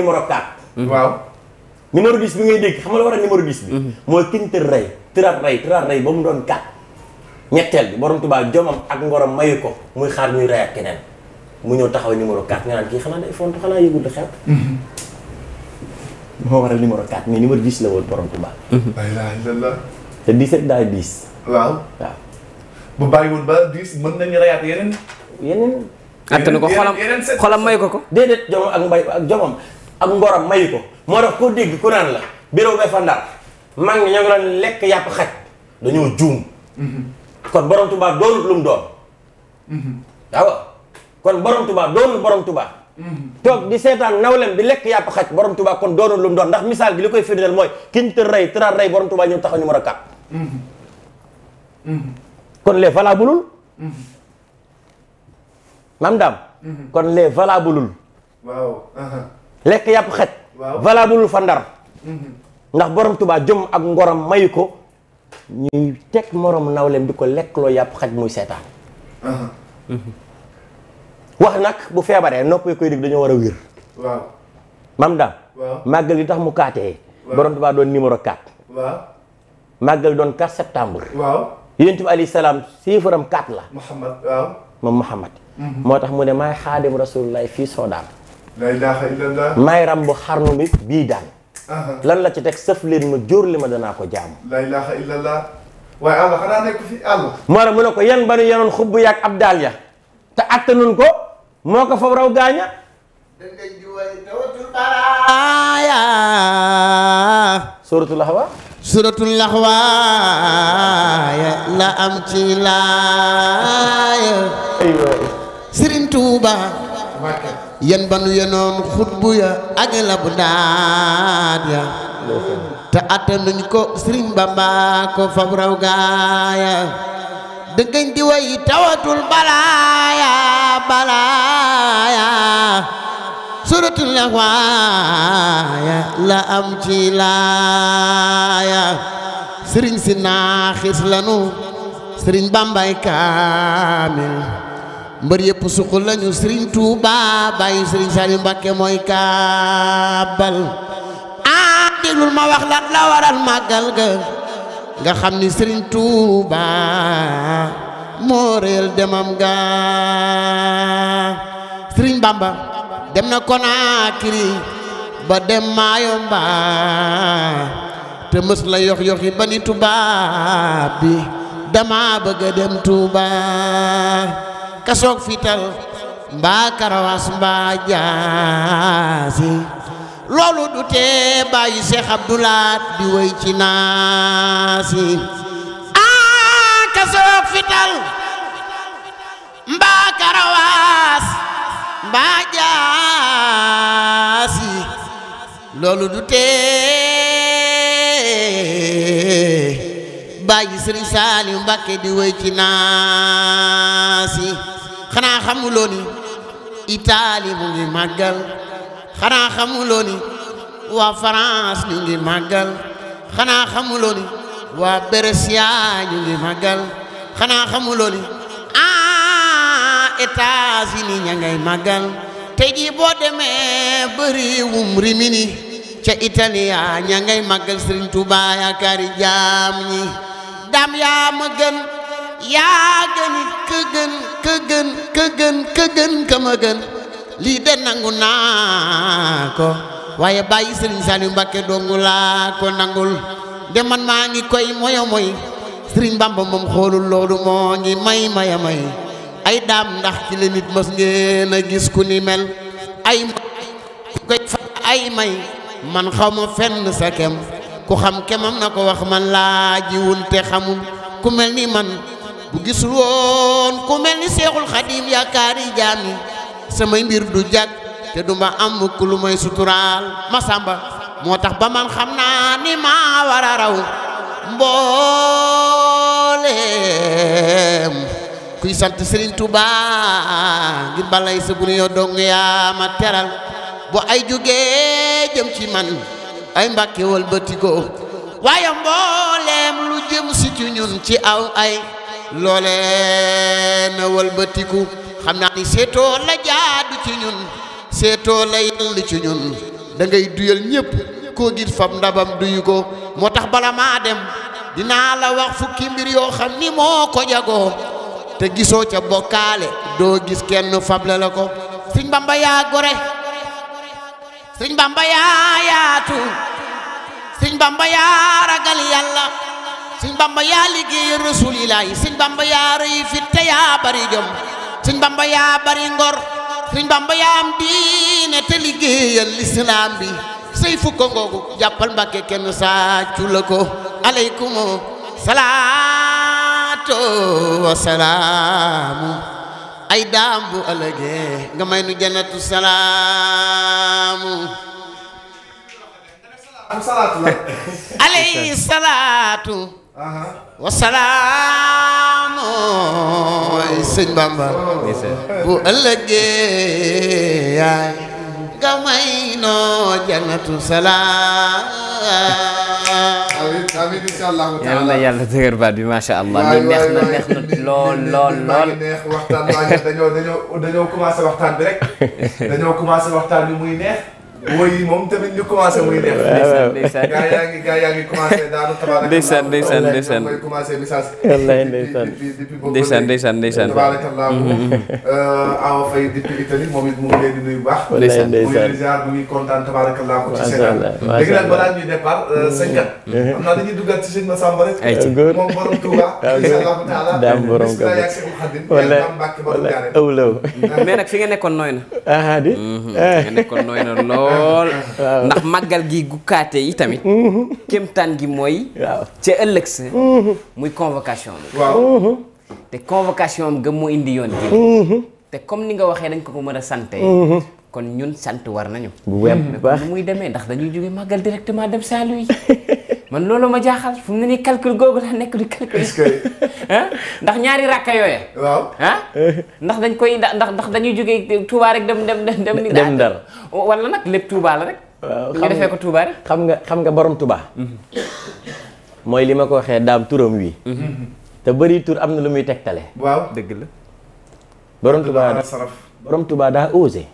numéro 4. Mhm. waaw numéro 10 bi ngay dégg xam nga la war a numéro 10 bi. Mhm. mooy kiñ tër rey tëraat rey tëraat rey ba mu doon 4. ñetteel bi borom tubaab jomam ak ngorom mayu ko muy xaar ñuy rey keneen mu ñëw taxaw numéro 4 nga naan kii xanaa day fontu xanaa yëgul di xew. Mhm. moo a numéro 4 mais numéro 10 la woon borom tubaab. alhamdulilah. te 17 daal 10. waaw waaw. bu bàyyiwul ba 10 mën nañu reyaat yeneen. yeneen. yeneen yeneen ko xolam xolam may ko ko. déedéet jomam ak mbay ak ngoram mayu ko moo tax koo dégg ku naan la bureau ba fa ndar mag ñi ñoo ngi doon lekk yàpp xaj dañoo juum mm-hmm. kon borom tubaa doonut lu mu doon mm-hmm. kon borom tubaa doonul borom tubaa mm-hmm. toog di seetaan nawlem bi lekk yàpp xaj borom tubaa kon doonul lu mu doon ndax misaal bi li koy firndeel mooy kiñ tër rey tëraat rey borom tubaa ñëw taxaw ñu mën a kàpp kon les valabulul maam daam kon les valabulul waaw uh-huh. lekk yàpp xaj valable fa ndar mhm. ndax borom tubaa jom ak ngorom mayu ko ñuy teg morom nawleem di ko lekkloo yàpp xaj muy seetaan mhm. wax nag bu feebaree nopp koy dégg dañoo war a wér waaw mam daam màggal gi tax mu kaatee borom tubaa doon numéro 4 waaw màggal doon 4 septembre waaw yonent bi alayhi salaam siifaram 4 la Muhammad waaw moom Muhammad mhm. moo tax mu ne maay xaadim rasulullahi fii soodaan may ramb xarnu bi bii daan lan la ci teg sëf leen ma jóor li ma danaa ko jaamu la ilaha illallah waaye àll xanaa nekk fi àll maanaam mu yan banu yenoon xubb yaag ab daal ya te attanun ko moo ko fa raw gaaña aya suratul laxwa suratul am ci laay Sëriñ Tuuba yen ba nu yenoon xutbu ya ak labdaat ya te attanuñ ko Sëriñ Bamba ko fab raw gaaya dëggañ di way tawatul balaaya balaaya suratul lawaaya la am ci laaya sëriñ si naaxis lanu Sëriñ Bambay kaamil mbër yëpp suq lañu Serigne Touba bàyyi Serigne Saliou Mbacké mooy kaabal ah ma wax la la waral màggal ga nga xam ni Serigne Touba moo réel demam ga Serigne Bamba dem na Conakry ba dem Mayomba te mës la yox yoxi ba ni Touba bi dama bëgg dem Touba. kasoog fital mbaa karawaas mbaa jaasi loolu du tee bàyyi Cheikh Abdoulaat di wéy ci naasi aa kasoog fital mbaa karawaas mbaa jaasi loolu du tee bàyyi Sëriñ Saaliw di wéy ci naasi xanaa xamuloo ni mu ngi màggal xanaa xamuloo waa France ñu ngi màggal xanaa xamuloo waa Brescia ñu ngi màggal xanaa xamuloo ni ah états ña ngay màggal te jii boo demee ba Rimini ca Italia ña ngay màggal Serigne Touba yaakaari jaam ñi daam yaa ma gën. yaa gënit ka gën ka gën ka gën ka ma gën lii de nangu naa ko waaye bàyyi Serigne yu Mbacké dongu laa ko nangul de man maa ngi koy moyo moy Serigne Bamba moom xoolul loolu moo ngi may maya may ay daam ndax ci la nit mës ngeen a gis ku ni mel ay koy may man xaw fenn sa kem ku xam kemam na ko wax man laa jiwul te xamul ku mel ni man bu gisul woon ku mel ni seexul xadiim yaakaari jaam yi samay mbir du jag te duma am ku lu may suturaal masamba moo tax ba man xam naa ni maa war mbooleem kuy sant Serigne Touba ngir balay sa bu nu yaa ma teral bu ay jógee jëm ci man ay mbàkke wal bëtikoo waaye mbooleem lu jëm si ci ci aw ay loolee na wëlbatiku xam naa ni seetoo la jaadu ci ñun seetoo la yell ci ñun da duyal ñëpp koo gis fam ndabam duyu ko moo tax bala maa dem dinaa la wax fukki mbir yoo xam ni moo ko jagoo te gisoo ca bokkaale doo gis kenn fable la ko sëñ bamba yaa gore sëñ bamba yaa yaatu sëñ bamba yaa ragal yàlla sëñ bamba yaa liggéeyal rasulilahi sëñ bamba yaa rëy fit yaa bari jom sëñ bamba yaa bari ngor sëñ bamba yaa am diine te liggéeyal lislaam bi sëy fukk ngoogu jàppal mbàkke kenn sàccu la salaatu wa salaamu ay daam bu ëllëgee nga may nu jannatu salaamu am salaatu la. alayhi salaatu. wa salaam. mooy sëñ Bamba. bu ëllëgee yaay. nga may noo jannatu salaam. amiin amiin incha allahu taala. yal na yàlla dëgër baat bi macha allah. waay neex na neex na lool lool lool. neex waxtaan dañoo dañoo dañoo commencé waxtaan bi rek. dañoo commencé waxtaan bi muy neex. mooy moom tamit ñu commencé muy def. ndeysaan ndeysaan gaa yaa ngi gaa yaa ngi commencé daanu tabaaraka. ndeysaan ndeysaan ndeysaan mooy commencé message. wallaay ndeysaan ndeysaan ndeysaan ndeysaan. tabaaraka Allah mm-hmm, mm-hmm. euh, Awa Faye depuis Italie moom it mu ngi leen di nuyu bu baax. wallaay ndeysaan muy ziar bu ngi kontaan tabaaraka Allah ko ci seetaan. léegi nag balaa ñuy départ euh, mm-hmm. sëñ kat. xam naa dañuy duggaat ci sëñ Massamba rek. ay ci góor moom borom Touba. incha allahu taala daam borom gàllankoor bisimilah yaa seexul xadim. wallaay wallaay awlaw. mais nag fi nga nekkoon nooy na. ah di. nga nekkoon nooy na lool lool ndax màggal gi gu gukkaate yi tamit kémtaan gi mooy ca ëllëg sa muy convocation convocation am gëm moo indi yoon gi te comme ni nga waxee dañ ko ko mën a sante kon ñun sant war nañu bu web bu baax muy demee ndax dañuy jóge màggal directement dem saint man loolu ma jaaxal fu mu ne nii calcul googu la nekk di calcul. est que ndax ñaari rakka yooya. waaw ah. ndax dañ koy ndax ndax dañuy jógee Touba rek dem dem dem. dem dem Ndar wala nag lépp Touba la rek. waaw xam nga xam nga xam nga borom Touba. Mhm. mooy li ma ko waxee daam turam wi. Mhm. te bari tur am na lu muy tegtale. waaw dëgg la. borom Touba borom Touba daa osé.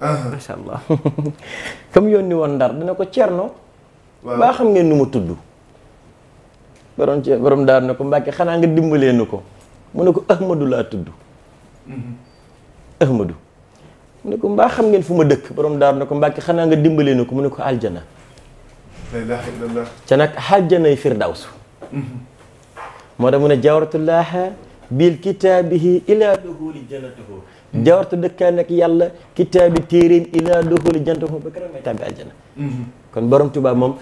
Ah. macha allah. yoon yónni woon Ndar dina ko cerno baa xam ngeen nu ma tudd borom ci borom ko Mbàkke xanaa nga dimbalee nu ko mu ne ko Ahmadu laa tudd mhm. Ahmadu mu ne ko mbaa xam ngeen fu ma dëkk borom daar ne ko Mbàkke xanaa nga dimbalee nu ko mun ne ko aljana ca nag aljanay firdawsu mhm. moo tax mu ne jawaratullaaha bil kitaabihi ilaa duhuli jannatahu jawartu dëkkaa nag yàlla kitaabi téeréem ilaa duhuli jannatahu ba karamay tàbbi aljana mhm. kon borom Touba moom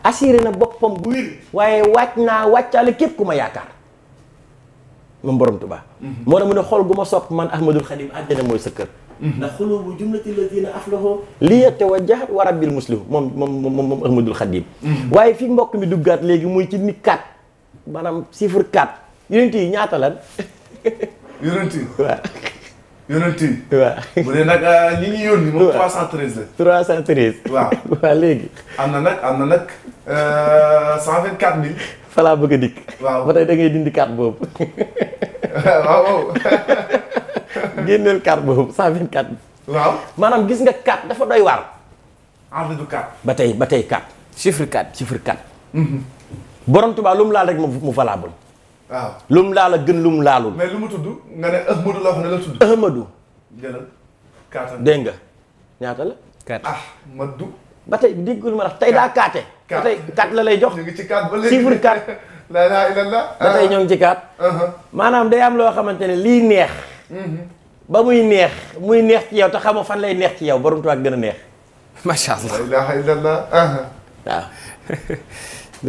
assuré na boppam bu wér waaye wàcc naa wàccaale képp ku ma yaakaar moom borom Touba. Mhm. moo tax mu ne xool gu ma sopp man Ahmadul Xadim àddina mooy sa kër. Mhm. ndax xuloo bu jumlati lazina aflaho li yatawajjahat wa rabbil muslihu moom moom moom moom Ahmadul Xadim. Mhm. waaye fii mbokk mi duggaat léegi muy ci nit 4 maanaam chiffre 4 yonent yi ñaata lan. yonent yi waaw. yonent yi. waaw bu dee nag euh, na am na nag 124 euh, mille. fa laa bëgg a dikk. waaw ba tey da waaw. maanaam gis nga 4 dafa doy ba tey ba tey 4. chiffre 4 chiffre 4. Mhm. borom Tuubaa laal rek mu valable. waaw lum laal a gën lum laalul. mais lu mu tudd nga ne la wax ne la tudd. Ahmadou. jëlal dégg nga ñaata la. kaata ma ah, Madou. ba tey diggul ma la tey daa kaate. kaat ba tey kaat la lay jox. ñu ci kaat ba léegi chiffre kaat. la ilaha ba tey ah. ñoo ngi ci kaat. Uh-huh. maanaam day am loo xamante ne lii neex. Mm-hmm. ba muy neex muy neex ci yow te xamoo fan lay neex ci yow borom tubaab gën a neex. macha allah la ilaha illallah. Uh-huh. waaw.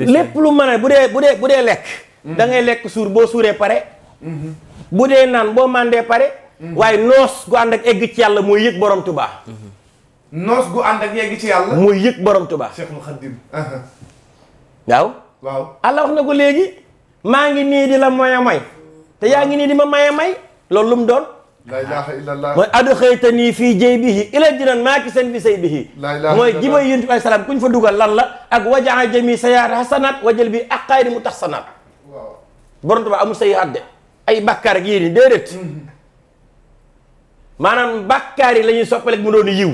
lépp lu mën a bu dee bu dee bu dee lekk. da ngay lekk suur boo suuree pare bu dee naan boo màndee pare waaye noos gu ànd ak egg ci yàlla mooy yëg borom tubaa noos gu ànd ak yegg ci yàlla mooy yëg borom tubaa Cheikhul Khadim waaw waaw wax na ko léegi maa ngi nii di la moy a te yaa ngi nii di ma may may loolu lu mu doon la ilaha illallah mooy adxayta nii fii jay bihi ila jinan maa ki seen bi say bihi mooy ji may yuntu alayhi salaam ku ñu fa dugal lan la ak wajaxa jami sayaat xasanaat wajël bi aqaari mu tax sanaat borom Tuubaa amul say àdde ay bàkkaar ak yéen déedéet mm-hmm. maanaam bàkkaar yi lañuy ñuy soppaleeg mu doon yiw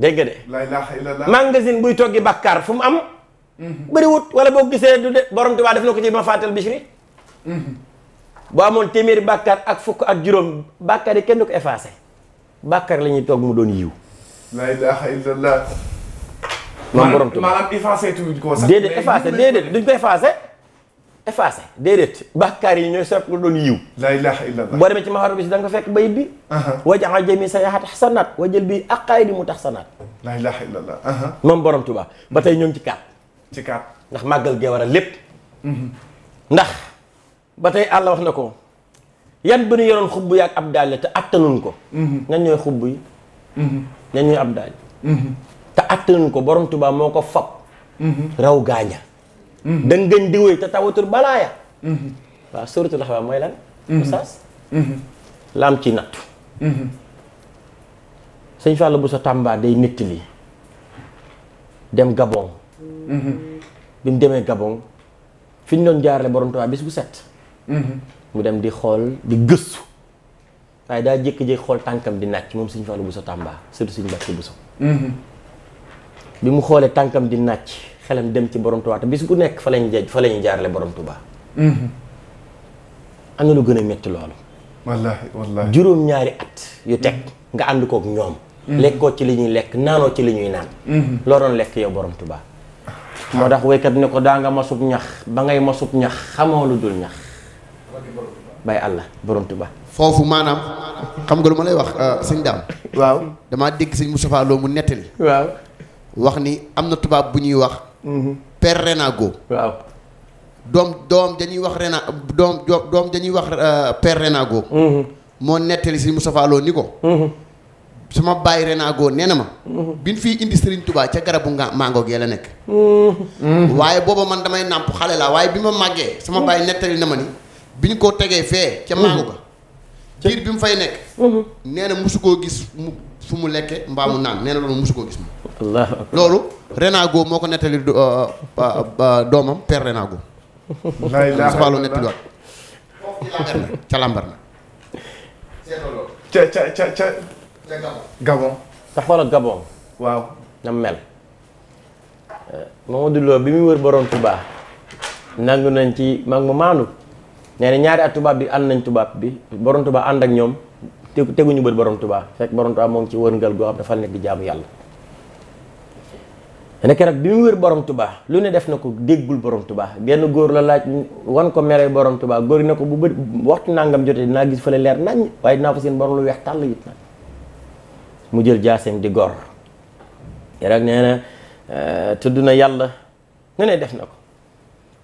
dégg nga de. la ilaha illallah magasin buy toggi bàkkaar fu mu am. Mm-hmm. bëriwut wala boo gisee du de borom Tuubaa def na ko ci ma fàttal bishri mm-hmm. boo amoon téeméeri bàkkaar ak fukk ak juróom bàkkaar yi kenn ko effacé bàkkaar la ñuy toog mu doon yiw. la ilaha illallah. moom borom Tuubaa déedéet effacé déedéet duñ ko effacé. effacé déedéet bàkkaar yi ñooy soppi doon yiw la ilaha illallah boo demee ci maxaru bi si da nga fekk bayit bi wajaxal jami sa yaxat xasanaat wajël bi ak aqaay di mu tax sanaat la ilaha illallah moom borom Tuubaa ba tey ñoo ngi ci kaat ci kaat ndax màggal gee war a lépp mhm. ndax ba tey àlla wax na ko yan bu ñu yoroon xubb yaak ab daal te attanuñ ko mhm. ñan ñooy xubb yi mhm. ñan ñooy ab daal te attanuñ ko borom tubaab moo ko fab raw gaaña Mhm. da ngeen di wéy te tawatul balaaya. Mhm. waaw suratul Ahzab mooy lan. Mhm. oustaz. laam ci nattu. sëñ Fallou Bousso Tamba day li dem Gabon. bi mu demee Gabon fi ñu doon jaarale borom Tuubaa bis bu set. mu dem di xool di gëstu waaye daa jékki-jékki xool tànkam di nàcc moom sëñ Fallou Bousso Tamba surtout sëñ Mbàkke Bousso. bi mu xoolee tànkam di nàcc. xelam dem ci borom Tuubaa te bi bu nekk fa lañ jeej fa ñuy jaarale borom Tuubaa mhm. am na lu gën a metti loolu wallaahi wallaahi juróom-ñaari at yu teg mhm. nga ànd kook ñoom mhm. lekkoo ci li ñuy lekk naanoo ci li ñuy naan loo doon lekk yow borom Tuubaa moo tax waykat ne ko daa nga masub ñax ba ngay masub ñax xamoo lu dul ñax bay Allah borom Tuubaa foofu maanaam xam nga lu ma lay wax euh, sëñ daam waaw damaa dégg sëñ Moustapha Lo mu nettali waaw wax ni am na tubaab bu ñuy wax père Renago. waaw doom doom dañuy wax Rena doom doom dañuy wax euh, père Renago. Mhm. moo nettali si mu Lo ni ko. Mhm. sama bàyyi Renago nee na ma. Mhm. bi ñu fiy indi Serigne Touba ca garabu nga mango gee la nekk. waaye booba man damay nàmp xale laa waaye bi ma màggee sama bàyyi nettali na ma ni bi ñu ko tegee fee. ca mango ga. jiir bi mu fay nekk. nee na mosu koo gis mu. fu mu lekkee mbaamu mu naan nee na loolu mosu koo gis moom loolu Renago moo ko nettali euh, euh, euh, doomam père Renago mosu lambar na ca ca ca ca Gabon sax wala Gabon waaw na mel Mamadou Lo bi muy wër borom Touba nangu nañ ci mag mu maandu nee ñaari at tubaab bi ànd nañ tubaab bi borom Touba ànd ak ñoom te teguñu bët borom Tuubaa fekk borom Tuubaa moom ci wërngal goo xam dafa nekk di jaamu yàlla ne keroog bi mu wér borom Tuubaa lu ne def na ko déggul borom tubaa benn góor la laaj wan ko mere borom tubaa góor yi ne ko bu bët waxtu nangam jotee dinaa gis fële leer nañ waaye dinaa ko seen borom lu weex tàll it nag mu jël jaaseem di gor keroog nee na euh, tudd na yàlla nu ne def na ko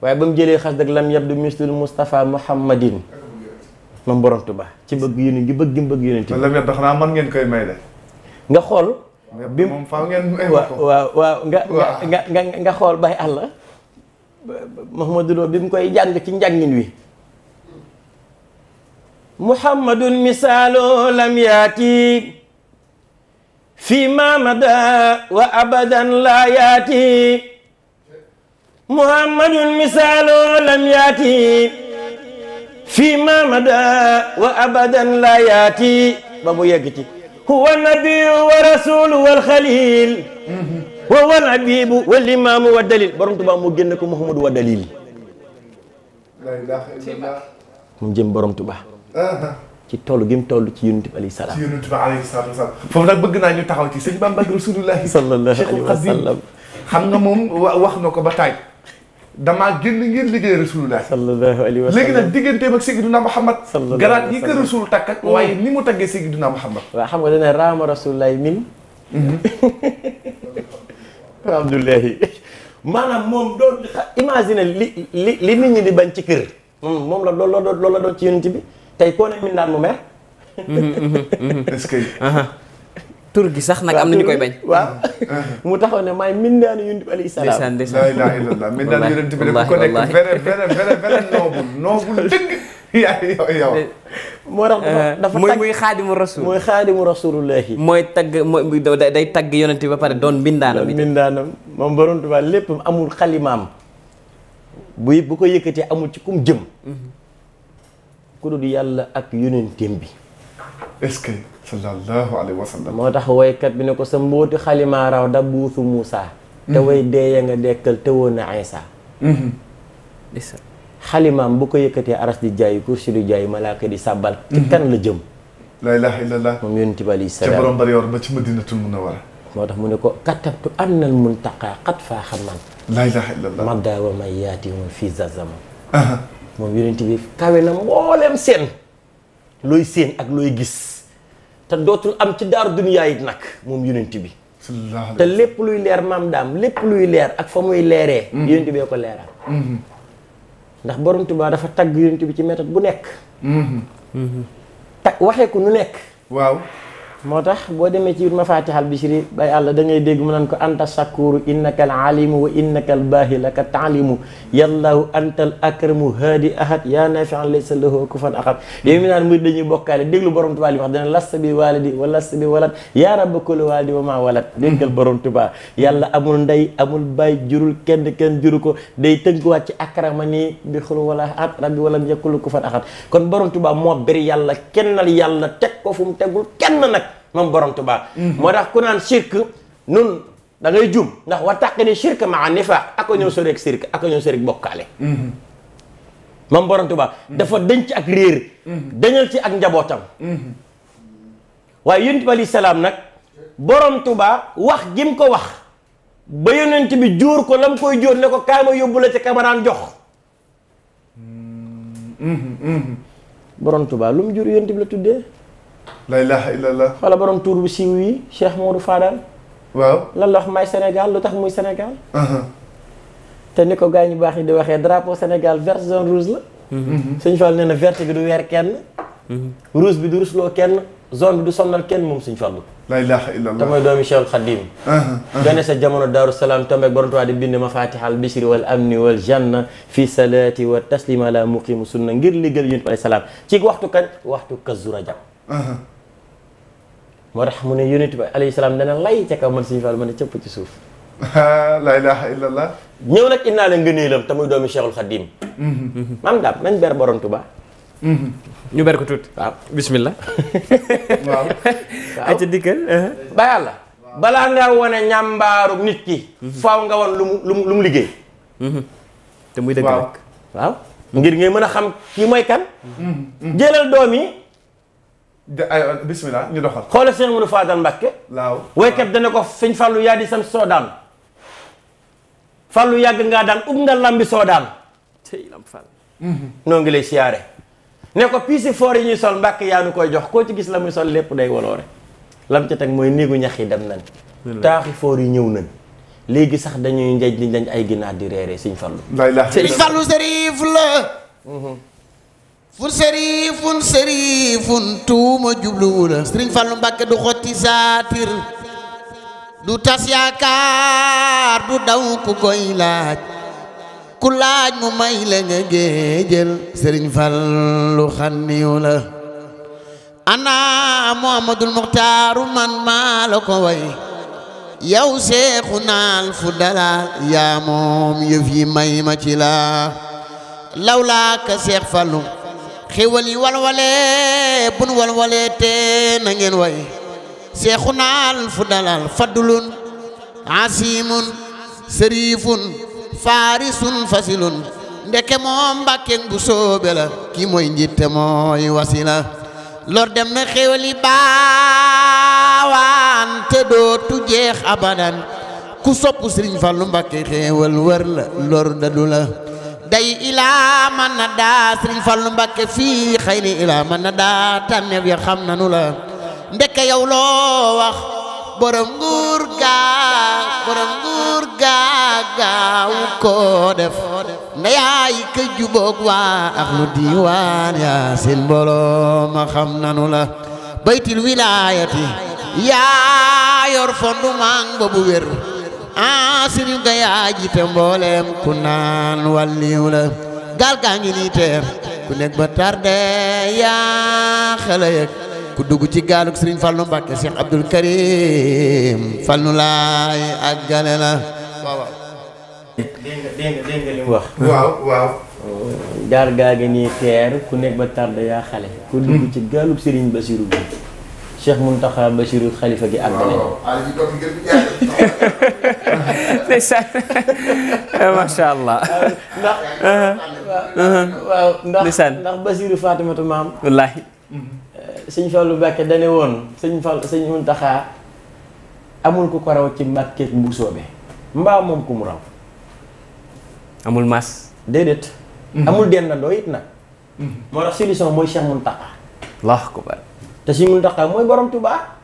waaye ba mu jëlee xas dëgg lam yabdu mistul Moustapha Muhammadin moom borom Tuuba ci bëgg yonent gi bëgg gi bëgg yonent la nga dox naa man ngeen koy may bi moom faaw ngeen nga xool bay àlla Mouhamadou Lo bi mu koy jàng ci njàngin wi Muhammadun misaalu lam yaati fi ma mada wa abadan laa yaati Muhammadun misaalu lam yaati fii ma mada wa abadan la yaati ba mu yegg ci huwa nabiyu wa rasulu wal xalil wa wal habibu wal wa dalil borom Tuubaa mu génn ko Muhammadu wa dalil mu jëm borom Tuubaa ci toll gim mu toll ci yonent bi alayhi salaam ci nag bëgg naa ñu taxaw ci sëñ Bamba Rasulullahi sallallahu alayhi wa sallam xam nga moom wax na ko ba taay damaa génn ngir liggéey rasulullah sallallahu alayhi wa sallam léegi nag diggantee digganteem ak Seydina Muhammad garaat yi ko rasul takk ak waaye ni mu taggee Seydina Muhammad waaw xam nga dana raama rasulullah min mhm. alhamdulilahi maanaam moom doon imagine li li li nit ñi di bañ ci kër moom moom la loolu la doon loolu la ci yonent bi tey koo ne min daan mu mer mhm, mhm, est-ce tur gi sax nag am na ñu koy bañ. waaw mu taxaw ne maay mindaanu yonent bi alayhi salaam. ndeysaan la ilaha illallah mindaanu yonent bi rek ku nekk vrai vrai vrai mooy tagg mooy day tagg yonent ba pare doon mbindaanam. doon mbindaanam moom borom Tuubaa lépp amul xalimaam. bu bu ko yëkkatee amul ci kum jëm. Mhm. ku dul yàlla ak yonenteem bi. est sallallahu alayhi wa sallam moo tax woykat bi ne ko sa mbóoti xalimaa raw da buusu Moussa. Mm-hmm. te way deeya nga dekkal te woon na Aïssa. Mm-hmm. xalimaam bu ko yëkkatee aras di jaay kursi di jaay malaaka di sàbbal. ci mm-hmm. kan la jëm. la ilaha illallah moom yonent bi alayhi salaam ca borom bari yor moo tax mu ne ko katabtu annal muntaqaa qad faaxa man. la ilaha illallah madda wa moom fii bi kawe na mboolem seen. looy seen ak looy gis. te dootul am ci daar duniyaa yi nag moom yonent bi te lépp luy leer maam daam lépp luy leer ak fa muy leeree mhm. yonent bee ko leeral mhm. ndax borom Tuubaa dafa tagg yonent bi ci méthode bu nekk mhm. tag waxee ko nu nekk waaw moo tax boo demee ci biir mafatihal bishri bay àlla da ngay dégg mu naan ko anta sakuru innaka al alimu wa innaka al baahi laka taalimu yallahu anta al akramu haadi ahad ya nafian laysa lahu kufan ahad yooyu mi naan mbir dañuy bokkaale déglu borom tubaa li wax dana lasta bi walidi wa lasta bi walad yaa rabba kulli walidi wa ma walad déggal borom tubaa yàlla amul ndey amul baay jurul kenn kenn juru ko day tënkuwaat ci akrama nii bi xul wala ahad rabbi walam yakulu kufan ahad kon borom tubaa moo bari yàlla kennal yàlla teg ko fu mu tegul kenn nag moom borom Tuubaa moo tax ku naan shirk nun da ngay ndax war tàq ni shirk maa nifaq ak ñëw sori ak shirk ak ñëw sori ak bokkaale moom borom Tuubaa dafa denc ak réer dañal ci ak njabootam waaye yonent bi alayhi nag borom Tuubaa wax gim ko wax ba yonent bi jóor ko lam koy jóor ne ko kaama ma yóbbu la ca kamaraan jox mm-hmm. Mm-hmm. borom Tuubaa lu mu jur yonent bi la tuddee la ilaha illallah. xoola borom tuur bu siiw yi Cheikh Modou Fadal. waaw lan la wax may Sénégal lu tax muy Sénégal. Uh-huh. te ni ko gars yi ñu baax yi di waxee drapeau Sénégal vert zone rouge la. Mm-hmm. Sëñ Fall nee na vert bi du weer kenn. Mm-hmm. rouge bi du rusloo kenn zone bi du sonnal kenn moom Sëñ Fall. la ilaha illallah te mooy doomi Cheikh Khadim. Uh-huh, uh-huh. gane sa jamono Daaru Salaam tombeeg borom tuwaa di bind mafatihal bisri wal amni wal janna fi salaati wa taslima ala muqimu sunna ngir liggéey yu ñu salaam ci waxtu kañ waxtu kazu rajab moo tax mu ne yonent bi alayhi salaam dana lay ca kaw man suñu faal ma ne cëpp ci suuf. la ilaha illallah. ñëw nag indaale ngëneelam te muy doomi Cheikhul Khadim. Mhm. maam daam nañ ber borom Tuba. Mhm. ñu ber ko tuuti. waaw bismillah. waaw. waaw ca dikkal. ba yàlla. balaa nga wane ñàmbaaru nit ki. Mhm. faaw nga wan lu mu liggéey. te muy dëgg nag. waaw ngir ngay mën a xam kii mooy kan. jëlal doom yi. bismillah ñu doxal. xoolal seen Mourou Fadal Mbacke. waaw waykat dana ko fiñ fàllu yaa di sam soo daan fàllu yàgg ngaa daan ub nga lambi soo daan. Mm-hmm. noo ngi lay siyaare. ne ko piisi foor yi ñuy sol Mbacke yaa nu koy jox koo ci gis la muy sol lépp day woloore. lam ca mooy néegu ñax yi dem nañ. taaxi foor yi ñëw nañ. léegi sax dañuy njaj di njaj ay ginaar di reere sëñ Fallou. sëñ Fallou Serif la. Mm-hmm. fun sërifun sërifun tuuma jubluwu la sëriñ Fallu du xotti saatir du tas yaakaar du daw ku koy laaj ku laaj mu may la nga géejël sëriñ Fallu xanniyu la ana Muhammadul Muxtaaru man maa la way yow seexu naal fu dalaal yaa moom yëf yi may ma ci la lawlaa ka seex Fallu xéwal yi walwale bun walwale te na ngeen way seexunaal fu dalal fadlun asimun sërifun faarisun fasilun ndeke moom mbàkkeeg bu soobe la kii mooy njitte mooy wasila lor dem na xéwal yi baawaan dootu jeex abadan ku sopp Sëriñ Fallu Mbàkke xéewal wër la lor dadu la day ilaa man na daa sëriñ Fallu Mbàkke fii xëy ni ilaa man na daa tànneef ya xam nanu la ndeke yow loo wax borom nguur gaa borom nguur koo def ndayaay ka juboog waa ak lu diiwaan yaa seen xam nanu la baytil wilaayati yaa yor fondu maang ba ah suñu gayaa ji te ku naan wàlliw la gaa ngi nii teer ku nekk ba tarde yaa xale yëg ku dugg ci gaalug Sëriñ Fallu Mbàkke Cheikh Abdul Karim Fallu laay ak gale la waaw waaw gaal gaa ngi nii teer ku nekk ba tarde yaa xale ku dugg ci gaalug Sëriñ Basiru bi Cheikh Muntaxa Basiru xalifa gi ak la ndeysaan eh, macha allah. ndax. waaw ndax ndax Basiru Fatimatu maam. wallaahi. Eh, sëñ Fallou Mbacke dane woon sëñ Fall sëñ Muntaxa amul ku ko raw ci mbàkkeeg bu soobee mbaa moom ku mu raw. amul mas. déedéet. Mhm. amul dendandoo it nag. Mhm. moo tax solution mooy Cheikh Muntaxa. ko akbar. te Cheikh Muntaxa mooy borom Tuubaa.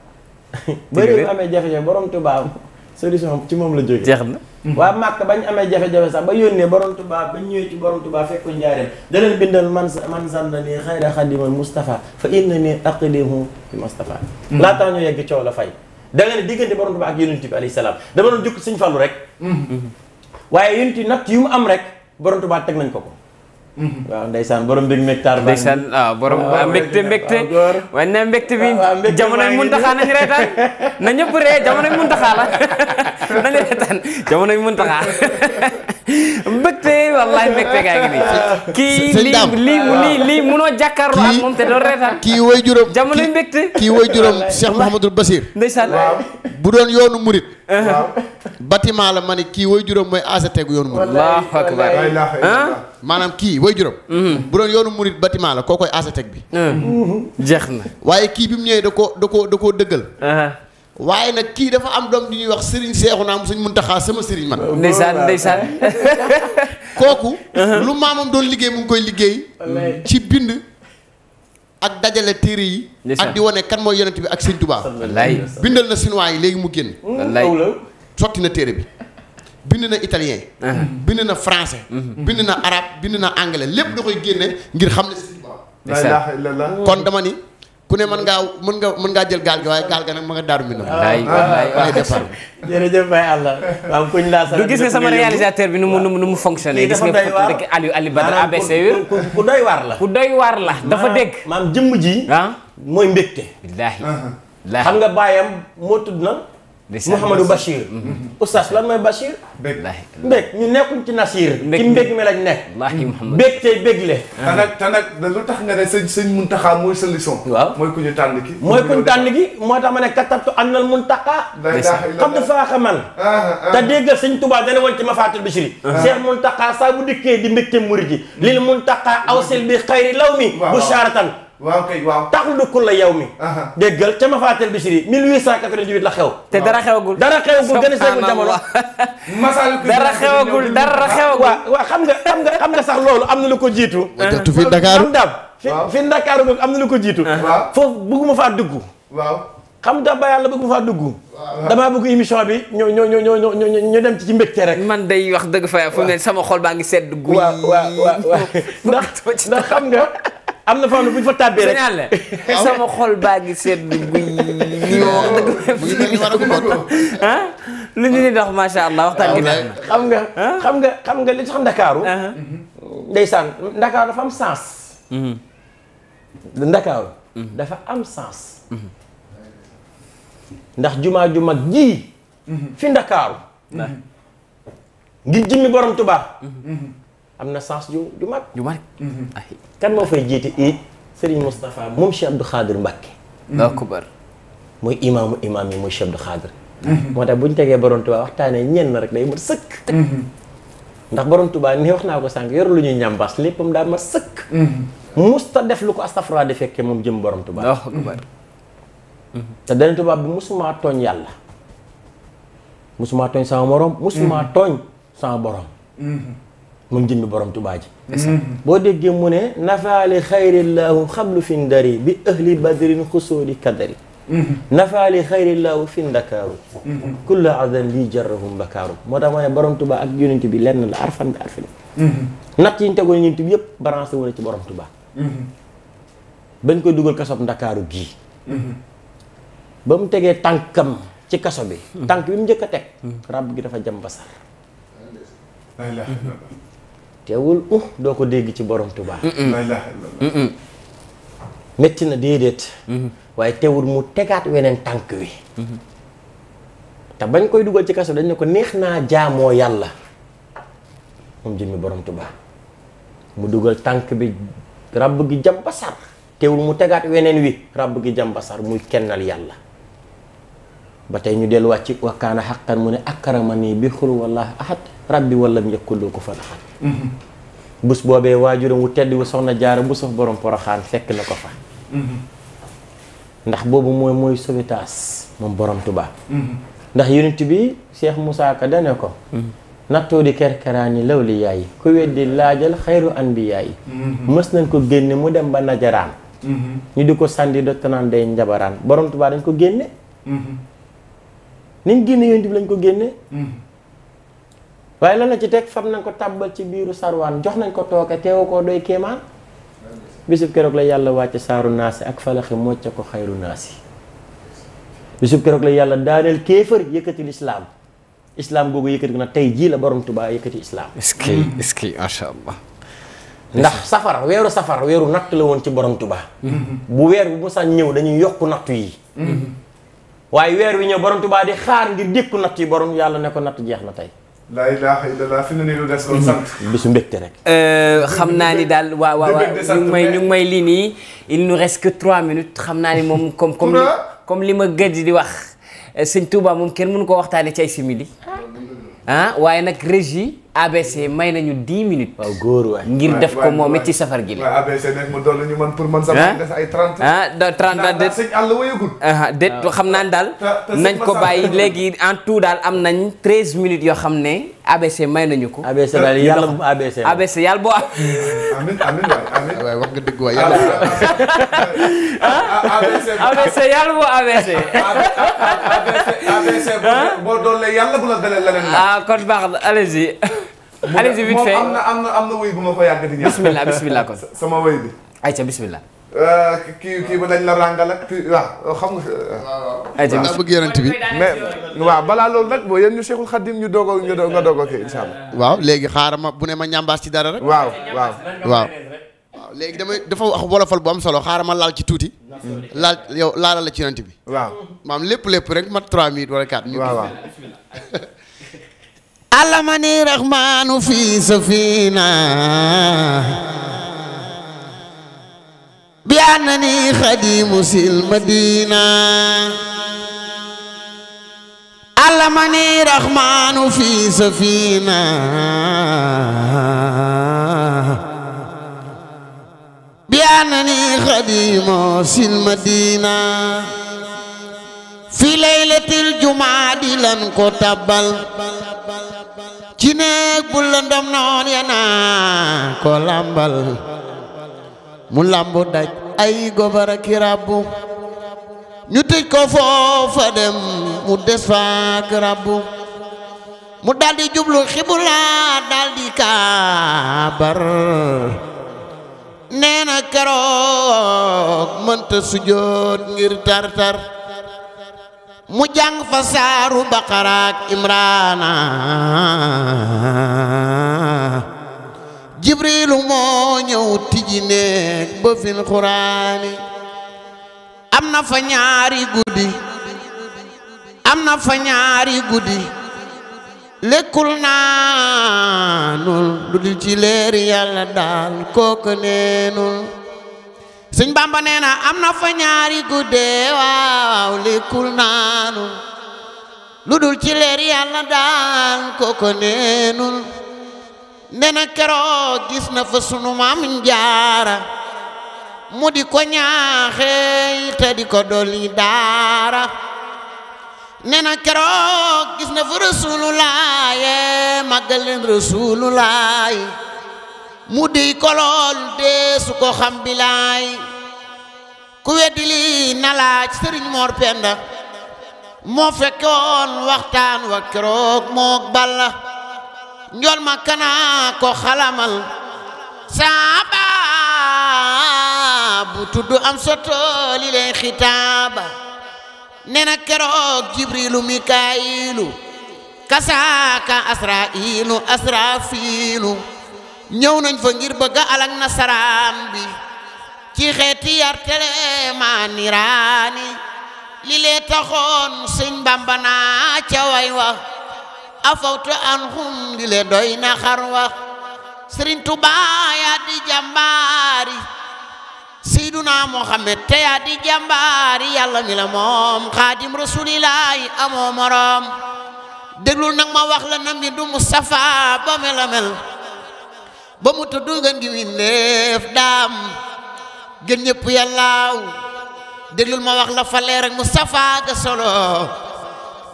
bëri bu amee jafe-jafe borom Tuubaa. solution ci moom la jógee. jeex na. Mm-hmm. waa Màkk bañ amee jafe-jafe sax ba yónnee borom ba bañ ñëwee ci borom Tuubaa fekk njaareem da leen bindal man man zanna nii xayra xadimal Moustapha fa inna nii aqdimu bi Moustapha. Mm-hmm. laataa ñu yegg coow la fay. da nga ne diggante borom ak yonent bi alayhi salaam dama doon jukk Sëñ Fallu rek. Mm-hmm. waaye yonent yi natt yu mu am rek borom Tuubaa teg nañ ko ko. Mm-hmm. waaw ndeysaan borom mbég mbégtaar baa ndeysaan waaw borom mbégte mbégte waaye na mbégte bi reetaan na ñëpp ree jamonoy muntaxaa la nañu reetaan jamonoy muntaxaa mbégte wallaay mbégte gaa ngi nii kii lii lii lii lii munoo jàkkaarloo ak moom te doo reetaan kii way juróom jamonoy mbégte kii way juróom Cheikh Mouhamadou Bassir bu doon yoonu murit Uh-huh. waaw bâtiment la ma ne kii way juróom mooy ACT gu yoonu murit allahu maanaam kii way juróom mm-hmm. bu doon yoonu murit bâtiment la koo koy ACT bi uh-huh. mm-hmm. jeex na waaye kii bi mu ñëwee da koo da koo da koo dëggal uh-huh. waaye nag kii dafa am doom di ñuy wax Serigne Seexuna mu mun Muntaxa sama Serigne man. ndeysaan ndeysaan. kooku. lu maamam doon liggéey mu ngi koy liggéey. ci bind. ak dajale téere yi. ak di wane kan mooy yonent bi ak sëñ Tuubaa. bindal na chinois yi léegi mu génn. sotti na téere bi. bind na italien. Ah. bind na français. Mhm. bind na arabe bind na anglais lépp da koy génne ngir xam ne si Tuubaa. kon dama ni. ku ne mën ngaa mën nga mën ngaa jël gaal gi waaye gaal ga nag ma nga daaru mi na ay defar jërëjëf Baye Allah waaw laa sa du gis nga sama réalisateur bi nu mu nu mu fonctionné gis nga rek Aliou Aliou Badara ABC ku doy waar la ku doy waar la dafa dégg maam jëmm ji ah mooy mbégte billaahi xam nga baayam moo tudd na Mouhamadou Bachir mm-hmm. oustaz lan mooy Bachir mbég ñu nekkuñ ci Nasir ci mbég mi lañ nekk mbég tey bégle te nag te nag lu tax nga ne sëñ sëñ Muntaxa mooy solution waaw mooy ku ñu tànn ki mooy ku ñu tànn gi moo tax ma ne katabtu annal Muntaxa xam du faaxa man ah, ah, ah. te déggal sëñ Touba dana woon ci Mafatul Bichri Cheikh Muntaxa saa bu dikkee di mbégte murid yi mm. lil Muntaxa awsil bi xayri law mi bu charatan waaw kay waaw taxul du kulla yow mi déggal ca ma faatel Bichri 1898 la xew te dara xewagul dara xewagul gën a seegul jamono masal dara xewagul dara ah, xewagul waaw waaw xam nga xam nga xam nga sax loolu am na lu ko jiitu jattu fi Dakar daam fi fi Dakar am na lu ko jiitu foofu bëgguma faa dugg waaw xam nga ba yàlla bëgguma faa dugg damaa bëgg émission bi ñoo ñoo ñoo ñoo ñoo ñoo dem ci ci mbégte rek. man day wax dëgg fa fu ne sama xol baa ngi sedd. guy waaw waaw waaw ndax ndax xam nga. am na fam ne bu ñu fa tàbbee rek sama xol baa ngi sedd guy ah lu ñu di dox macha allah waxtaan gi xam na xam nga xam nga li tax ndakaaru ndeysaan ndakaaru am sens ndakaaru dafa am sens ndax jumaa ju mag jii fi ndakaaru ngir jëmmi borom Tuubaa am na sens ju ju mag. ju mag. Mhm. kan moo fay jiite it Serigne Moustapha moom Cheikh Abdou Khadir Mbacke. Mhm. mooy muy imaamu imaam yi muy Cheikh Abdou Khadir. Mhm. moo tax bu ñu tegee borom Tuubaa waxtaanee ñenn rek day mat sëkk. ndax borom Tuubaa ni wax naa ko sànq yor lu ñuy ñambaas léppam daa mat sëkk. musta def lu ko astafra fekkee moom jëm borom Tuubaa. te dana tubaab bi musumaa tooñ yàlla musumaa tooñ sama moroom musumaa tooñ sama borom moom jëmmi borom tubaa ji mm-hmm. boo déggee mu ne nafaali xayrillaahu xablu fin dari bi ahli badrin xusooli kadari mm-hmm. nafaali xayrillaahu fi dakaaru mm-hmm. kullu adam lii jarrahum bakaaru moo tax ma ne borom tubaa ak yonent bi lenn la arfan bi arfin natt yi ñu tegoon yonent bi yëpp balancé wu na ci borom tubaa bañ koy dugal kasob ndakaaru gii ba mu tegee tànkam ci kaso bi tànk bi mu njëkk a teg ràbb gi dafa jam basar teewul uh doo ko dégg ci borom Tuubaa metti na déedéet mm-hmm. waaye tewul mu tegaat weneen tànk wi mm-hmm. te bañ koy dugal ci kaso dañ ne ko neex naa jaamoo yàlla moom jëmmi borom Tuubaa mu dugal tànk bi ràbb gi jam ba sar mu tegaat weneen wi ràbb gi jam ba muy kennal yàlla ba tey ñu delluwaat ci wakkaana xaqan mu ne akkarama nii bi xul wallaahu ahad rabbi walam yakkuloo ko fa ahad bés boobee waajuram wu tedd wu soxna jaaro bu sox borom poroxaan fekk na ko fa ndax boobu mooy mooy sobitaas moom borom tubaa ndax yonit bi Cheikh musaa ko dane ko nattoo di kerkeraani law li yaay ku weddi laajal xayru anbiyaa yi mës nañ ko génne mu dem ba najaraan ñu di ko sàndi dottanaan day njabaraan borom tubaa dañ ko génne mm-hmm. niñ génne yonent bi lañ ko génne mm-hmm. waaye lan la ci teg fab nañ ko tàbbal ci biiru sarwaan jox nañ ko tooke teewu ko doy kéemaan bisub keroog la yàlla wàcce saaru naasi ak falaxi mocce ko xayru naasi bisub keroog la yàlla daaneel kéefër yëkkati lislaam islaam googu yëkkati ko nag tey jii la borom tubaa yëkkati islaam iski ce que mm. est allah ndax safar weeru safar weeru natt la woon ci borom tubaa mm-hmm. bu weer bu mosaan ñëw dañuy yokk nattu yi mm-hmm. waaye weer wi ñëw borom tubaa di xaar ngir dékku natt yi borom yàlla ne ko jeex na tey laa ilaaha illallah fi mu ne nii lu des loolu sant. bisu mbégte rek. Euh, xam naa ni daal waaw waaw waaw ñu may ñu may lii nii il nous reste que trois minutes xam naa ni moom comme comme comme li ma gëj di wax euh, sëñ Touba moom kenn mënu ko waxtaanee ci ay simili ah, ah waaye nag régie ABC may nañu 10 minutes. góor waay ngir def ko moom it ci safar gi la. waaw ABC nag mu doon ñu man pour man. sama des ay 30. ah 30 daal de sëñ àll wayagul. déet daal. nañ ko bàyyi léegi en tout daal am nañ 13 minutes yoo xam ne. ABC may nañu ko. ABC daal yàlla ABC ABC yàlla boo. amiin amiin ABC ABC yàlla bu ABC. allez-y vite am na am na am na wéy bu ma ko yàgg di bismillah bismillah kon sama wéy bi. ayca bismillah. Euh, kii kii ba dañ la ràngal ak kii waaw xam nga. Euh. ayca bisimilah bëgg yonent bi mais balaa loolu nag boo yéen ñu Cheikhul Khadim ñu doog ñu doog nga doog a kii incha allah. waaw léegi xaaral ma bu ne ma ñambaas ci dara rek. waaw waaw waaw. léegi damay dafa wax wolofal bu am solo xaaral ma laal ci tuuti. laal yow laalal la ci yonent bi. waaw maam lépp lépp rek mat 3 minutes wala 4 minutes. waaw waaw. علمني الرحمن في سفينة بأنني خديم المدينة علمني الرحمن في سفينة بأنني خديم المدينة في ليلة الجمعة لن كتبل ci néeg bu lëndëm noon ya naa ko làmbal mu làmbu daj ay gobara ki rabbu ñu tëj ko foofa dem mu des faak rabbu mu daldi jublu xibula daldi kaabar nee keroog mënta sujjoot ngir tartar mu jàng fa saaru baqaraak imraana jibriilu moo ñëw tijji néeg ba fil xuraani am na fa ñaari guddi am na fa ñaari guddi lekkul naanul lu dul ci leeri yàlla daal kooku neenul sëñ bamba nee na am na fa ñaari guddee waaw lekkul naanu lu dul ci leer yàlla daal koko neenul nee na keroog gis na fa sunu maam njaara mu di ko ñaaxee te di ko dolli daara nee na keroog gis na fa rasululaaye màggal leen rasululaay mu di ko lool dee ko xam ku weddi lii na sëriñ Mor Penda moo fekkoon waxtaan wa keroog moog balla njool ma kanaa ko xalamal saaba tudd am sotooli leen xitaaba nee keroog jibrilu mikaayilu kasaaka asrailu asrafilu ñëw nañ fa ngir bëgga alak nasaraan bi ci xeeti yar telemaa niraani li lee taxoon sëñ bamba naa ca way wa an xum li doy na wa sëriñ tubaa yaa di jàmbaari seyduna muhammad te yaa di jàmbaari yàlla mi la moom xaadim rasulilaahi amoo moroom déglul nag ma wax la na du mustafa ba mela mel ba mu tudd ngeen gi windéef daam gën ñëpp yàllaaw déglul ma wax la fa leer ak Mustafa solo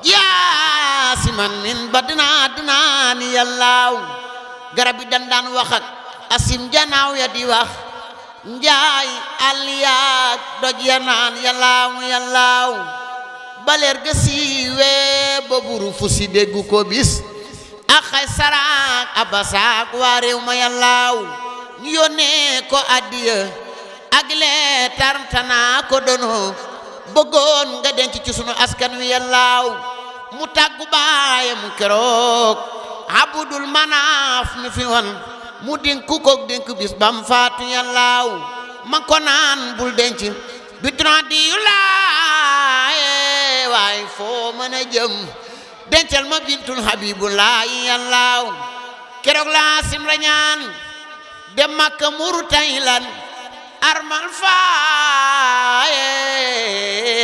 yaa si man ba dinaa dinaa ni yàllaaw garab yi dan wax ak asim janaaw ya di wax njaay àll yaa doj ya naan yàllaaw yàllaaw baleer ga siiwee ba buru si déggu ko bis ak xay saraak abasaak waa réew ma yàllaaw ñu yónnee ko addiya ak lee tartanaa ko dono bëggoon nga denc ci sunu askan wi yallaaw mu tàggu baayam keroog abudul manaaf mi mu dénk ko dénk bis bam faatu yallaaw man ko naan bul denc bi trente yu laaye waay mën a dencal ma bintul habibullaahi yallaaw keroog laa simra ñaan dem makka muru armal faaye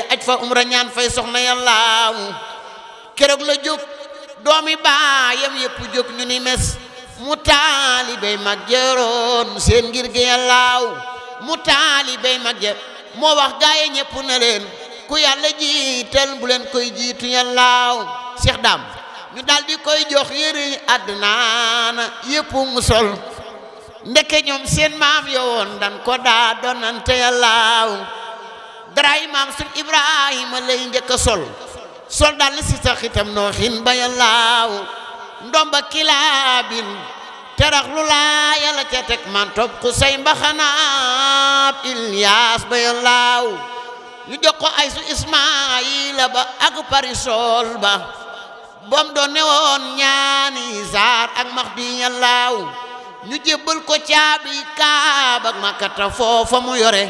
aj fa umra ñaan fay soxna yàllaaw keroog la jóg doomi baayam yëpp jóg ñu ni mes mu taalibey mag jëroon seen ngir gi yàllaaw mu taalibey mag jë moo wax gaaye ñëpp na leen ku yàlla jiital bu leen koy jiitu yàllaaw Cheikh Dame ñu daal koy jox yëri àddinaana yëpp mu sol ndeke ñoom seen maam yowoon dan ko daa donante yàllaaw daraay maam sun ibrahima lay njëkk a sol sol daal li si sax nooxin ba yàllaaw ndomba kilaabin terax lu laa yàlla ca teg man topp ku say ilyaas ba yàllaaw ñu jox ko ay su ismaayila ba ak parisol ba bom doon ne woon ñaani zaar ak max bi yàllaaw ñu jébbal ko caabi kaaba ak makkata foofa mu yore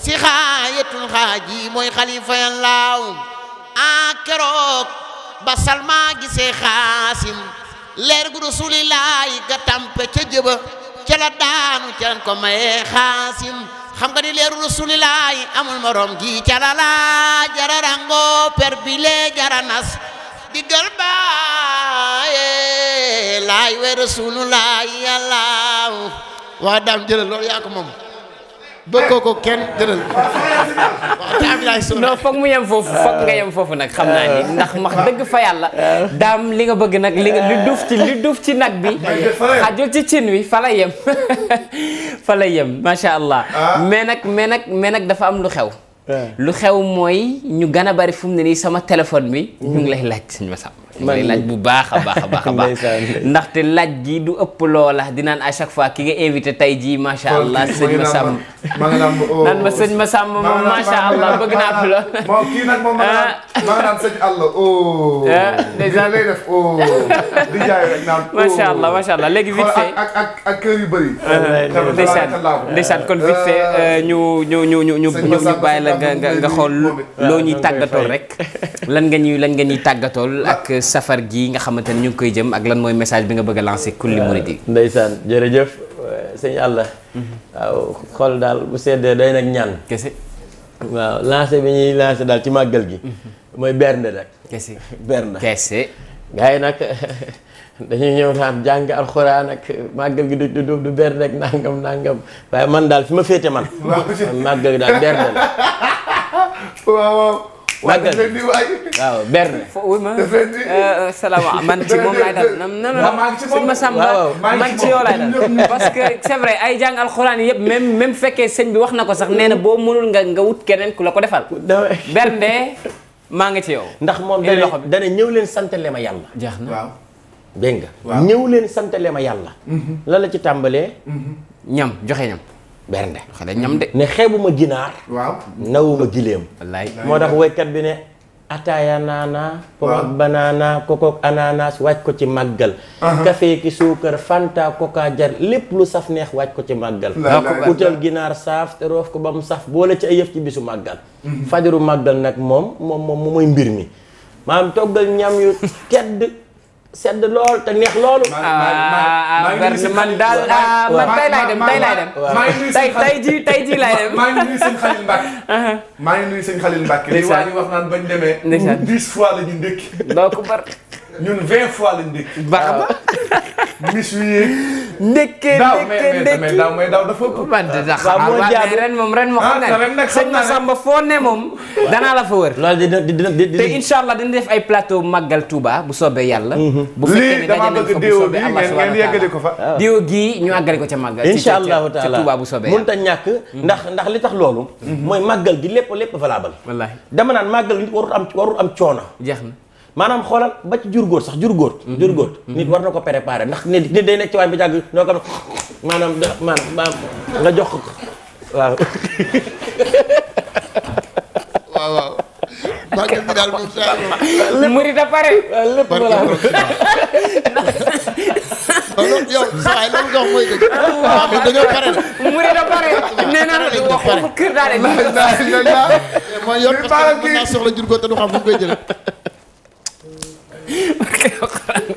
si xaayatul xaaji mooy xalifa yallaaw a ah, keroog ba salma gisee xaasim leer gu rasulillaahi ga ca jëba ca la daanu ca lan ko xam nga ni leeru rasulillaahi amul morom gi ca la la jararango per bile jaranas diggal baaye laay we rasulullahi yàllaaw waa daam jëlal loolu yaa ko moom bëggoo ko kenn jëlal non foog mu yem foofu foog nga yem foofu nag xam naa ni ndax wax dëgg fa yàlla daam li nga bëgg nag li nga lu duuf ci lu duuf ci nag bi xajul ci cin wi fa la yem fa la yem macha allah ah. mais nag mais nag mais nag dafa am lu xew Eh. lu xew mooy ñu gën a bari fu mu ne nii sama téléphone bi. ñu ngi lay laaj ma Massamba. lay laaj bu baax a baax baax a baax laaj gi du ëpp loola dinaan à chaque fois ki nga invité tey jii macha allah sëñ ma sàmm naan ma sëñ ma sàmm bëgg naa ko ma nga ah, naan sëñ léegi vite fait ak ak ak bëri ah, ah, ndeysaan ndeysaan kon la nga nga loo ñuy tàggatool rek lan nga ñuy lan safar gi nga xamante ne ñu ngi koy jëm ak lan mooy message bi nga bëgg a lancé kulli euh, murid yi ndeysaan jërëjëf euh, sëñ Alla waaw xol daal bu seddee day nag ñaan kese waaw lancé bi ñuy lancé daal ci màggal gi mhm. mooy bernde rek kese bernde kese gars nag dañuy ñëw naan jàng alxuraan ak màggal gi du du du bernde ak nangam nangam waaye man daal fi ma féete man màggal gi daal bernde la màggal waaw berne. daf salaama man ci moom laay dal. non non sëñ Massamba man ci yow laay dal parce que c'est ay jàng alxuraan yëpp même même fekkee sëñ bi wax na ko sax nee na boo mënul nga nga wut keneen ku la ko defal. bernde maa ngi ci yow. ndax moom dana dana ñëw leen santale ma yàlla. jeex na waaw. dégg nga. ñëw leen santale ma yàlla. Mhm. la la ci tàmbalee. ñam joxe ñam. bernde xale ñam de. ne xeebuma ginaar. waaw nawuma gileem. wallaay moo tax woykat bi ne. ataaya naana pom ak banaana kokook ananas wàcc ko ci màggal café ki suukar fanta coca lépp lu saf neex wàcc ko ci màggal utal ginaar saaf te roof ko ba mu saf boole ci ay yëf ci bisu màggal mhm. fajaru màggal nag moom moom moom mooy mbir mi maanaam toggal ñam yu tedd sedd lool te neex loolu. maa ngi ah, ah, man daal ah, man tey laay dem tey laay dem. maa ngi nuyu sëñ tey ji tey ji laay dem. maa ngi nuyu sëñ Xalil uh-huh. la ñu ndékki. bar. ñun vingt fois lañ ndékki. baax a baax. bis wi yeeg. ndékkee ndékkee ndékki daaw mais dafa ëpp. man de ndax ren moom ren moo ah, xam ne nag xam Samba foo ne moom. danaa la fa wër. loolu dina dina dina te incha allah dina def ay plateau Magal Touba bu soobee yàlla. Mhm. bu fekkee ne daje nañ fa bu ko fa. Ah. diwo gii ñu àggale ko ca Magal. incha allahu taala ca Touba a ñàkk mhm. ndax ndax li tax loolu. Mhm. mooy Magal gi lépp lépp valable. wallaahi dama naan Magal warul am warul am coono. jeex na maanaam xoolal ba ci jur góor sax jur góor mhm. jur mhm. nit war na ko préparer ndax nit nit day nekk ci waañ bi jàgg noo pare lépp la yow saa yi lan nga wax mooy dëgg. kër daal de. yor parce naa soxla jur góor te du xam fu mu koy sëñ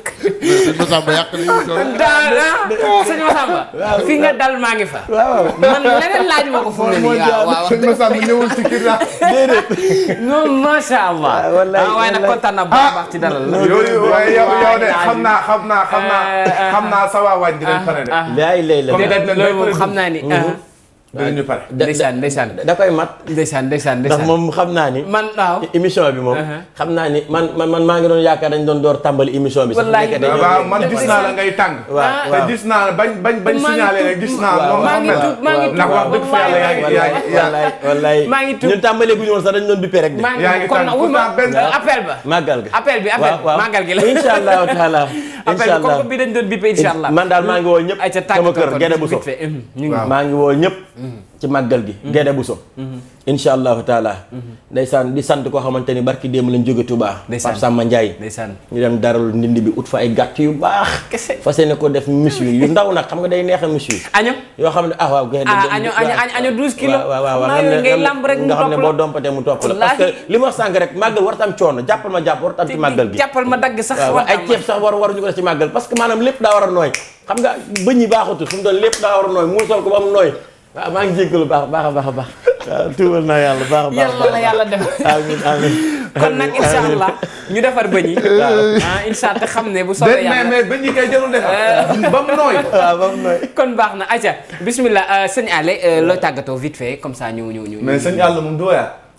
Massamba yàq nañu. daanaka sëñ Massamba. waaw fi nga dal maa ngi fa. waaw man leneen laaj ma ko fu mu ne waaw waaw sëñ Massamba ñëwul ci kii la déedéet. non macha allah. wallaay waaye nag kontaan naa bu baax ci dalal la. yooyu waaye yow yow de xam naa xam naa xam naa xam naa sa waa wàññi dinañ pare de. lay lay la comme dañ ne loolu moom xam naa ni. dinañu pare ndeysaan ndeysaan da koy mat ndeysaan ndeysaan ndax moom xam naa ni man waaw émission bi moom uh-huh. xam naa ni man man man maa ngi doon yaakaar dañ doon door tàmbali émission bi sax waaw man gis naa la ngay tàng ah. te gis naa la bañ bañ bañ signalé rek gis naa maa ngi tuub maa ngi tuub ndax wax dëgg fa yàlla yaa ngi wallaay wallaay maa ngi tuub ñun tàmbalee bu ñu woon sax dañ doon bippee rek de yaa ngi tàng kon benn appel ba màggal gi appel bi appel màggal gi la insha allahu taala appel bi comme bi dañ doon bippee insha allah man daal maa ngi woo ñëpp sama kër gene bu so maa ngi woo ñëpp ci màggal gi mhm. Gaynde Buso mhm. insha allahu taala mhm. ndeysaan di sant koo xamante ni barki démb lañ jóge Touba Pape Samba Ndiaye ñu dem daralu ndindi bi ut fa ay gàtt yu baax kese fas yéene ko def monsieur yu ndaw nag xam nga day neex a monsieur año yoo xam ne ah waaw gaynde ah, año año rek màggal war tam coono jàppal ma jàpp war tam ci màggal gi jàppal ma dagg sax waaw ay ceeb sax war waruñu ko def ci màggal parce que maanaam lépp daa war a nooy xam nga bëñ yi baaxutu a waaw maa ngi jéggalu baax baax a baax a baax waaw tuubal naa yàlla baax a baax yàlla na yàlla def amiin amiin kon nag incha allah ñu defar bëñ yi. ah xam ne bu soobee yàlla mais eh. nooy. waaw ah, nooy. kon baax na ayca bismillah euh, sëñ Allé euh, looy tàggatoo vite fait comme ça ñu ñu ñu. mais sëñ Allé moom du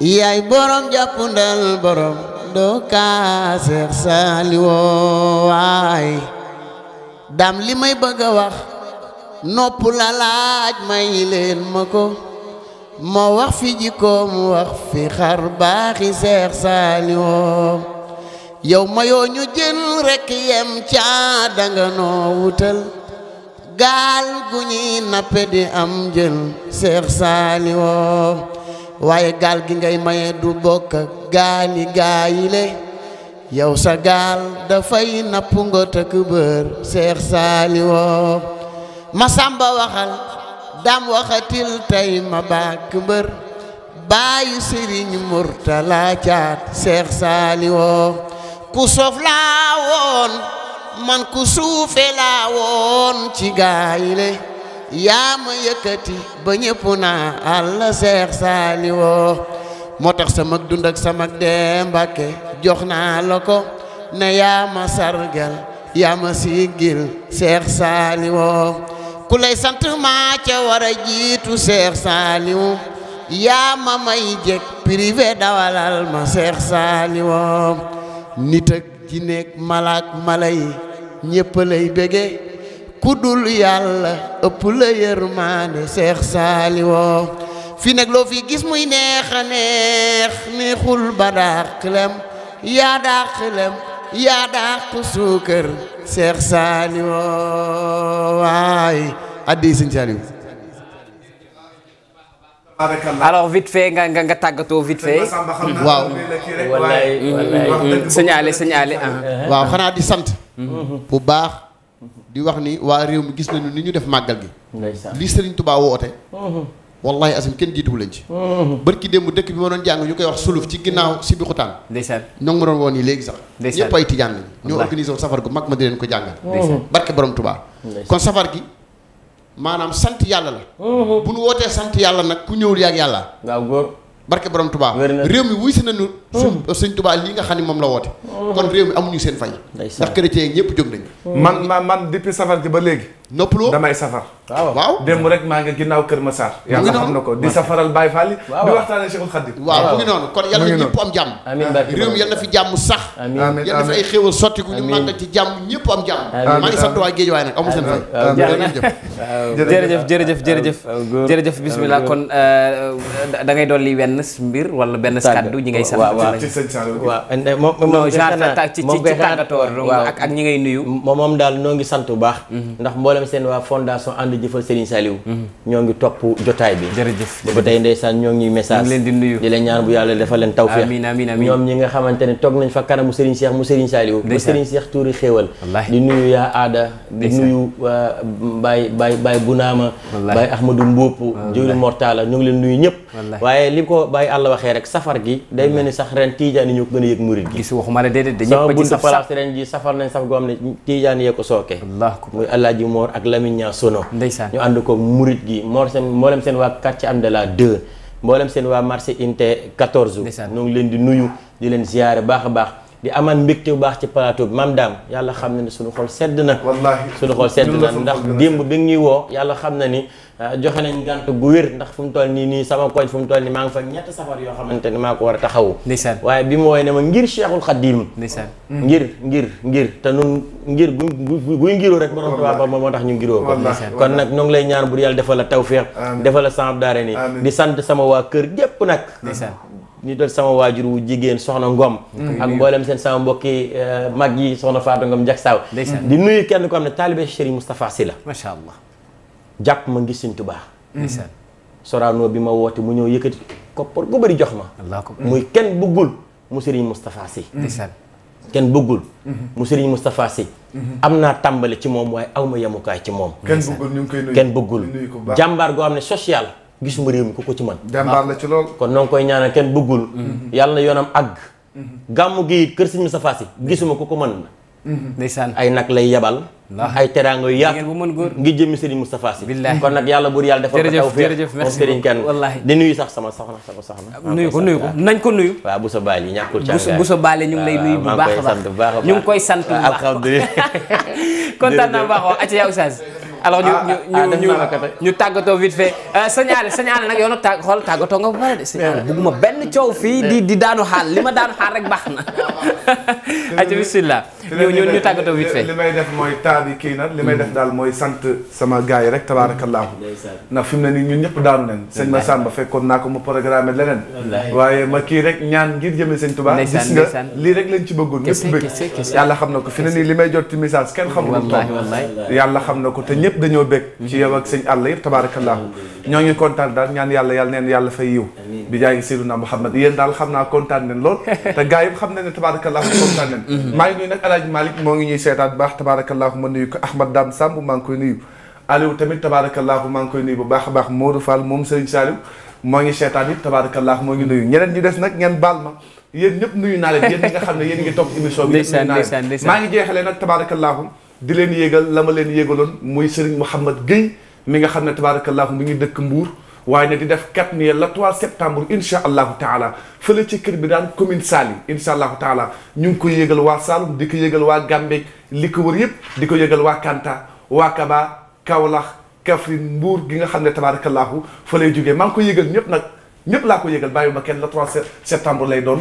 yaay borom jàppundal borom doo kaaseex saaliwoo waay daam li may bëgg a wax noppu la laaj may leen ma ko ma wax fi jikkoom wax fi xar baaxi seex saaliwoo yow mayoo ñu jël rekk yem caa danga noo wutal gaal gu nappe di am jël seex saaliwoo waaye gaal gi ngay maye du bokk ak gaali gaayile yow sa gaal dafay napp nga tëkk bër seex saali woo ma sàmba waxal daam waxatil tey ma bàkk mbër bàyyi sëriñ murtala caat seex saali woo ku soof laa woon man ku suufe laa woon ci gaayile yaa ma ba ñëpp naa àlla seex saali woo moo tax sama dund ak sama dee mbàkke jox naa la ko ne yaa ma sargal yaa ma siggil seex saali woo ku lay sant maa ca war a jiitu seex saali woo ma may jëkk privé dawalal ma seex saali woo nit malaak mala yi ñëpp lay bége kudul yàlla ëpp la yërmaande seex saaliwoo fi nag loo fi gis muy neex a neex neexul ba dàq lem yaa dàq lem yaa dàq suukar seex saaliwoo waay addi sëñ Saaliw alors vite fait nga nga tàggatoo vite fait. waaw. wallaay wallaay. signalé ah. waaw xanaa di sant. Mhm. bu baax. di wax ni waa réew mi gis nañu ni ñu def màggal gi. li Serigne Touba woote. wallahi asim kenn jiituwu leen ci. barki démb dëkk bi ma doon jàng ñu koy wax suluf ci ginnaaw si bi xutaan. ndeysaan ñoo ngi ma doon woon yi léegi sax. ndeysaan ñëpp ay tijaan lañu. ñoo organisé safar gu mag ma di leen ko jàngal. barke borom Touba. kon safar gi maanaam sant yàlla la. bu nu wootee sant yàlla nag ku ñëwul yaag yàlla. barke borom Touba réew mi wuy si nañu hmm. sëñ Touba lii nga xam ne moom la woote hmm. kon réew mi amuñu seen fay ndax chrétien ñëpp jóg nañ man man man depuis safar gi ba léegi noppaloo damay safar. Ah, waaw dem démb rek maa ngi ginnaaw Kër Massar. yàlla xam na ko di safaral Baye Fall. waaw di waxtaan ak Cheikhul Khadim. waaw mu ngi noonu kon yal na ñëpp am jàmm. réew mi yal na fi jàmm sax. amiin amiin yal fi ci jàmm ñëpp am jàmm. amiin maa ngi sant waa Géejawaay nag amu seen fay. jërëjëf kon euh, euh, da ngay dolli benn mbir wala benn kaddu ñi ngay sant. waaw waaw ci moom daal noo ngi sant bu baax mhm. ndax mboolem mboolem seen waa fondation ànd jëfal Serigne Saliou ñoo ngi topp jotaay bi jërëjëf ba tey ndeysaan ñoo ngi message di leen ñaan bu yàlla defal leen tawfeex amiin amiin amiin ñoom ñi nga xamante ne toog nañ fa kanamu Serigne Cheikh mu Serigne Saliou ba Serigne Cheikh tuuri xéewal di nuyu yaa aada di nuyu Baye Baye Baye Bunaama Baye Ahmadou Mbuup Jiwri Mortala ñu ngi leen nuyu ñëpp waaye li ko Baye Alla waxee rek safar gi day mel ni sax ren tiijaan yi ñoo ko gën a yëg murid gi waxuma la déedéet dañu ji safar nañ Mor ak Lamine Niang Sono ndeysaan ñu ànd ko murit gi moo seen mboolem seen waa quartier am de la 2 mboolem seen waa marché inte 14 ñu leen di nuyu di leen ziyaare baax a baax di amal mbégte bu baax ci plateau bi maam daam yàlla xam na ni suñu xol sedd na wallaahi suñu xol sedd na ndax démb bi ñuy woo yàlla xam na ni ah, joxe nañ gànt gu wér ndax fu mu toll nii nii sama koñ fu mu toll nii maa ngi fa ñett safar yoo xamante ni maa ko war a taxawu ndeysaan waaye bi mu wooye ne ma ngir Cheikhul Khadim ndeysaan mm. ngir ngir ngir te nun ngir gu guy ngiroo rek borom Tuubaa ba moo tax ñu ngiroo kon nag ñoo ngi lay ñaan bu yàlla defal la tawfeex defal la samab daare ni di sant sama waa kër gépp nag ñu dal sama waajur wu jigéen soxna Ngom. Mm-hmm. ak mboolem seen sama mbokki eh, mag yi soxna Fatou Ngom Ndiak Saw. di nuyu kenn ko am ne taalibe Serigne Moustapha Sy la. macha allah jàpp ma ngi Serigne bi ma woote mu ñëw yëkkati koppar gu bëri jox ma. muy kenn bëggul mu Serigne Moustapha kenn bëggul. Mm-hmm. mu Serigne mm-hmm. am naa tàmbali ci moom waaye aw ma yemukaay ci moom. kenn bëggul bëggul jàmbaar goo xam ne social. gisuma réew mi ku ko ci man la ci lool kon noo ngi koy ñaanal kenn bëggul yàlla na yoonam àgg gàmmu gi kër sëñ Moustapha Sy gisuma ku ko mën ay nag lay yabal ay teraanga yu yaatu bu mën góor ngi jëmmi Serigne Moustapha Sy kon nag yàlla buur yàlla defal ko tawfeex moom Serigne kenn di nuyu sax sama soxna sama soxna nuyu ko nuyu ko nañ ko nuyu waaw bu sa baal yi ñàkkul càngaay bu sa baal ñu ngi lay nuyu bu baax a baax ñu ngi koy sant bu baax alhamdulilah kontaan naa baax waa acca yaa oustaz alors ñu ah, ñu ah, ñu ah, ñu tàggatoo vite fait sëñ Aliou sëñ nag yow tàggatoo nga bu pare de sëñ bugguma benn coow fii di daanu xaal li ma daanu xaal rek baax na. aca bismillah ñu ñu ñu tàggatoo vite fait li may def mooy taa kii na li may def daal mooy sant sama gars yi rek tabaarakallaahu ndax fi mu ne nii ñu ñëpp daanu nañ sëñ ma Samba fekkoon naa ko mu programme leneen waaye ma kii rek ñaan ngir jëmee sëñ Tuubaa gis nga lii rek lañ ci bëggoon ñëpp bëgg yàlla xam na ko fi li may jot ci message kenn xamul yàlla ñëpp dañoo bég ci yow ak sëñ àll yëpp tabaarakallaahu ñoo ngi kontaan daal ñaan yàlla yàlla neen yàlla fay yiw bi jaay ngi seyduna Muhammad yéen daal xam ne tabaarakallaahu mhm. moo ngi ñuy seetaat baax tabaarakallaahu ma nuyu ko Ahmad Dame Samb maa ngi koy nuyu Aliou tamit tabaarakallaahu maa ngi koy nuyu bu baax a baax Modou moom Sëriñ Saliou moo ngi seetaan it tabaarakallaahu moo ngi nuyu ñeneen ñi des nag ngeen baal ma yéen ñëpp nuyu naa leen yéen ñi nga xam ne yéen ngi topp émission bi maa ngi jeexalee nag tabaarakallaahu di leen yéegal lama leen yéegaloon muy Serigne Mouhamad Guèye mi nga xam ne tabaarakallaahu mu ngi dëkk mbuur waaye ne di def kat ni la 3 septembre incha allahu taala fële ci kër bi daan commune Saly incha allahu taala ñu ngi koy yéegal waa Saloum di ko yéegal waa Gambey li ko wër yëpp di ko yéegal waa Kanta waa Kaba Kaolack Kaffrine Mbour gi nga xam ne tabaarakallaahu fa lay jógee maa ngi koy yéegal ñëpp nag. ñëpp laa ko yëgal bàyyi ma kenn le 3 septembre lay doon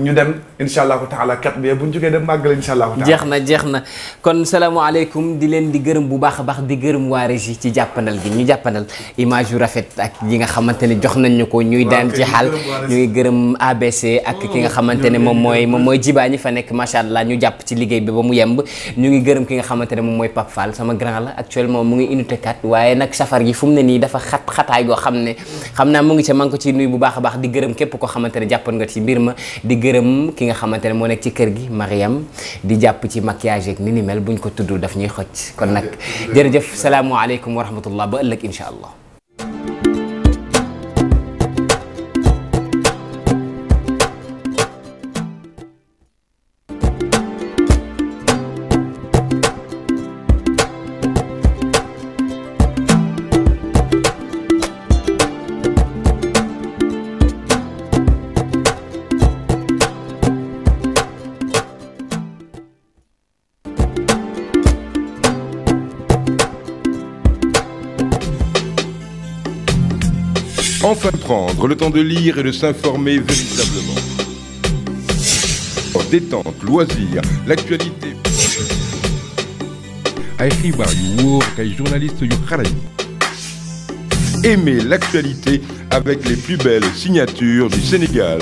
ñu dem incha allahu taala kat bi bu ñu jógee dem màggale incha allahu taala jeex na jeex na kon salaamaaleykum di leen di gërëm bu baax a baax di gërëm waa ji ci jàppandal gi ñu jàppandal image yu rafet ak yi nga xamante ne jox nañ ñu ko ñuy daan ci xaal ñu ngi gërëm ak ki nga xamante ne moom mooy moom mooy jibaa ñi fa nekk macha allah ñu jàpp ci liggéey bi ba mu yemb ñu ngi gërëm ki nga xamante ne moom mooy Pape Fall sama grand la actuellement mu ngi unité 4 waaye nag safar gi fu ne nii dafa xat xataay goo ne ciy bu baax a baax di gërëm képp ko xamante ne jàppoon nga ci mbir ma di gërëm ki nga xamante ne moo nekk ci kër gi Mariam di jàpp ci maquillage yeeg ni ni mel ko tudd daf ñuy xoj kon nag jërëjëf salaamualeykum wa rahmatullah ba ëllëg incha allah comprendre, le temps de lire et de s'informer véritablement. Détente, loisirs, l'actualité. journaliste Aimez l'actualité avec les plus belles signatures du Sénégal.